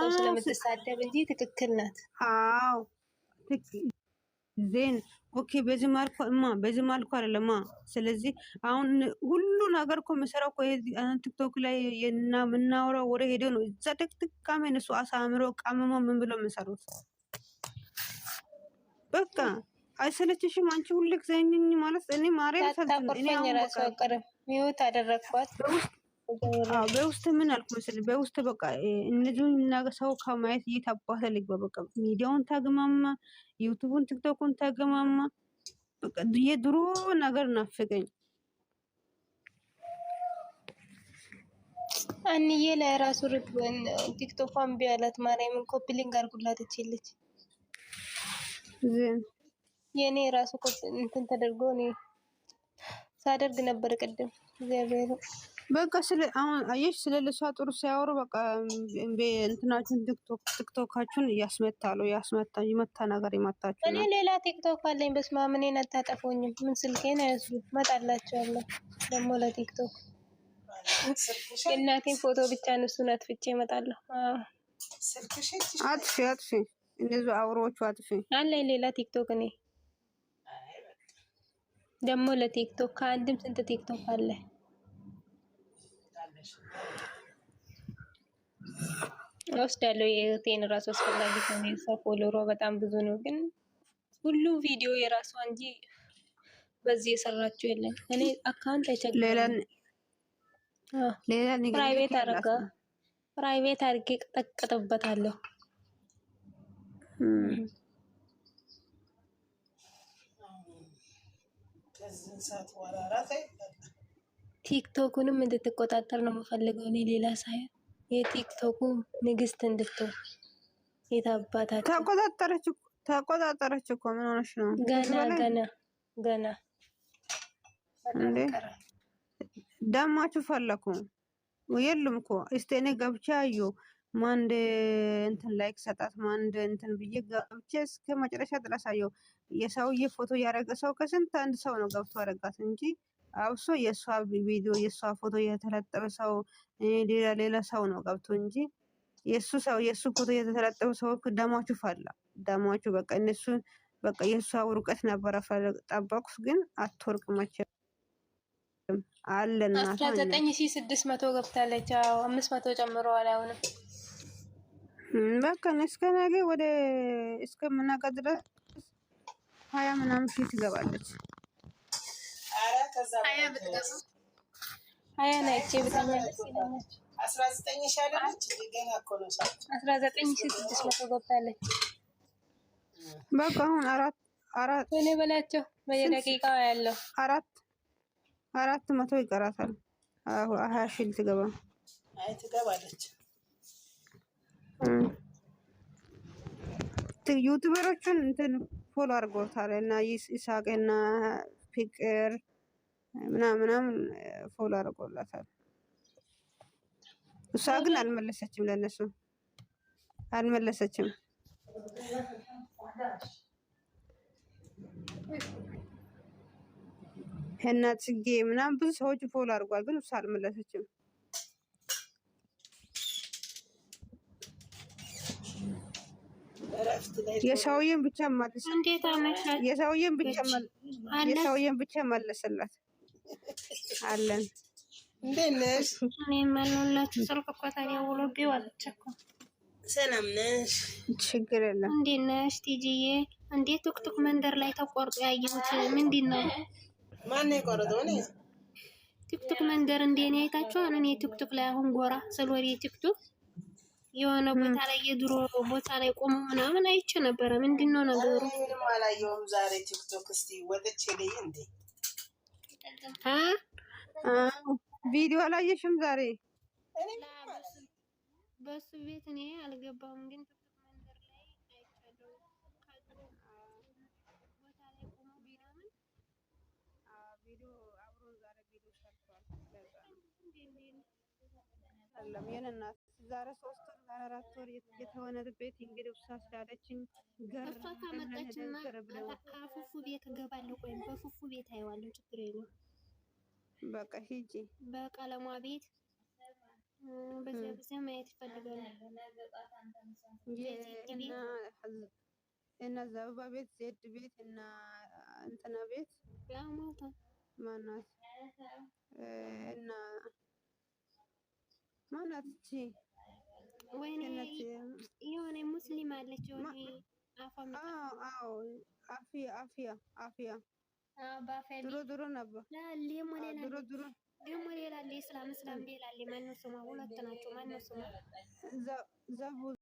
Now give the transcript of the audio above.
ሰው ስለምትሳደብ እንጂ ትክክል ናት። አዎ ዜን ኦኬ። በዚህ ማልኩ እማ በዚህ ማልኩ አለማ። ስለዚህ አሁን ሁሉ ነገር እኮ የምሰራው እኮ ቲክቶክ ላይ የምናወራው ወደ ሄደው ነው። እዛ ጥቅጥቅ ቃሜን እሱ አሳምሮ ቃመሞ ምን ብሎ የምንሰሩት በቃ አይሰለችሽም? አንቺ ሁልጊዜ ማለት እኔ ማርያም ሰልችኝ ራሱ ቅርብ ሚወት አደረግኳት በውስጥ ምን አልኩ መስል በውስጥ በቃ እነዚሁን ሰው ከማየት የት አባተ ልግባ? በቃ ሚዲያውን ታግማማ፣ ዩቱቡን ቲክቶኩን ታግማማ። በቃ የድሮ ነገር ናፍቀኝ። አንዬ ላይ ራሱ ርግበን ቲክቶኳን ቢያላት ማርያምን ኮፒሊንግ አርጉላት ትችልች። የእኔ ራሱ እንትን ተደርጎ እኔ ሳደርግ ነበር ቅድም እግዚአብሔር በቃ ስለ አሁን አየሽ፣ ስለ ልሷ ጥሩ ሲያወሩ በቃ እንትናችሁን ቲክቶክ ቲክቶካችሁን እያስመታሉ ያስመታ ይመታ ነገር ይመታችሁ። እኔ ሌላ ቲክቶክ አለኝ። በስመ አብ እኔን አታጠፉኝም። ምን ስልኬን አይወስዱ መጣላቸዋለሁ። ደግሞ ለቲክቶክ የእናቴን ፎቶ ብቻ እነሱን አጥፍቼ እመጣለሁ። አጥፊ አጥፊ፣ እንደዚ አውሮዎቹ አጥፊ። አለኝ ሌላ ቲክቶክ እኔ ደግሞ ለቲክቶክ ከአንድም ስንት ቲክቶክ አለ እወስዳለሁ። የእህቴን ራሱ አስፈላጊ ከሆነ የእሷ ፎሎሮ በጣም ብዙ ነው፣ ግን ሁሉ ቪዲዮ የራሷ እንጂ በዚህ የሰራችው የለም። እኔ አካውንት አይቸግም። ፕራይቬት አረጋ ፕራይቬት አድርጌ ቀጠቅጥበታለሁ። ከዚህ ሰዓት በኋላ ቲክቶኩንም እንድትቆጣጠር ነው የምፈልገው። እኔ ሌላ ሳይሆን የቲክቶኩ ንግስት እንድትሆን የታባታችሁ ተቆጣጠረች። ተቆጣጠረች እኮ ምን ሆነሽ ነው? ገና ገና ገና ፈለኩ የሉም እኮ እስቲ እኔ ገብቼ አዩ ማንድ እንትን ላይክ ሰጣት ማንድ እንትን ብዬ ገብቼ እስከ መጨረሻ ድረስ አየው። የሰውዬ ፎቶ ያደረገ ሰው ከስንት አንድ ሰው ነው ገብቶ አረጋት እንጂ አብሶ የእሷ ቪዲዮ የእሷ ፎቶ የተለጠፈ ሰው ሌላ ሌላ ሰው ነው ገብቶ እንጂ የእሱ ሰው የእሱ ፎቶ የተለጠፈ ሰው ደማቹ ፈላ። ደማቹ በቃ እነሱ በቃ የእሷ ውርቀት ነበረ ጠበቁስ፣ ግን አትወርቅመች አለና ዘጠኝ ሺ ስድስት መቶ ገብታለች። አምስት መቶ ጨምረዋል አሁንም በቃ እስከ ነገ ወደ እስከምናቀ ድረስ ሀያ ምናምን ትገባለች። ሀያ ናይቼ ብተኛ አስራ ዘጠኝ ሺህ አይደለች ገና እኮ አስራ ዘጠኝ ሺህ ስድስት መቶ ገብታለች። በቃ አሁን አራት አራት እኔ በላቸው በየደቂቃው ያለው አራት አራት መቶ ይቀራታል። ሀያ ሺህ ልትገባ ትገባለች። ዩቱበሮቹን እንትን ፎሎ አድርጎታል እና ይሳቅና ፍቅር ምናምናም ፎሎ አድርጎላታል። እሷ ግን አልመለሰችም፣ ለነሱ አልመለሰችም። እና ጽጌ ምናምን ብዙ ሰዎች ፎሎ አድርጓል፣ ግን እሷ አልመለሰችም። የሰውዬን ብቻ መልስ። እንዴት አመሻችሁ? የሰውዬን ብቻ የሰውዬን ብቻ መልስላት አለን። እንዴት ነሽ? እኔ መልላችሁ ስልክ እኮ ታዲያ ውሎብኝ ዋለች እኮ። ሰላም ነሽ? ችግር የለም። እንዴት ነሽ ቲጂዬ? እንዴ ቱክቱክ መንደር ላይ ተቆርጦ ያየሁት ምንድን ነው? ማን የቆረጠው? እኔ ቱክቱክ መንደር እንደኔ ነው አይታችኋል? እኔ ቲክቶክ ላይ አሁን ጎራ ስለወደ ቲክቶክ የሆነ ቦታ ላይ የድሮ ቦታ ላይ ቆሞ ምናምን አይቼ ነበረ። ምንድን ነው ነገሩ? አላየሁም ዛሬ ቲክቶክ። ወጥቼ ልይ እንዴ። ቪዲዮ አላየሽም ዛሬ? በሱ ቤት እኔ አልገባም ግን እናት ዛሬ ሶስት ወር ዛሬ አራት ወር የተሆነ ቤት እንግዲህ ውሳ ስላለችኝ እሷ ፉፉ ቤት እገባለሁ። ቆይም በፉፉ ቤት አየዋለሁ። ችግር የለውም። በቃ ሂጂ። በቀለሟ ቤት በዚያ ጊዜ ማየት ይፈልጋሉ። እና ዘበባ ቤት፣ ዜድ ቤት እና እንትና ቤት ማናት እና ማናት እቺ ወይኔ የሆነ ሙስሊም አለች የሆነ አፍያ አፍያ ድሮ ድሮ ነበር። ድሮ ድሮ ደግሞ ሌላ አለ። እስላም እስላም ሌላ አለ። ማነው ስሟ? ሁለት ናቸው። ማነው ስሟ?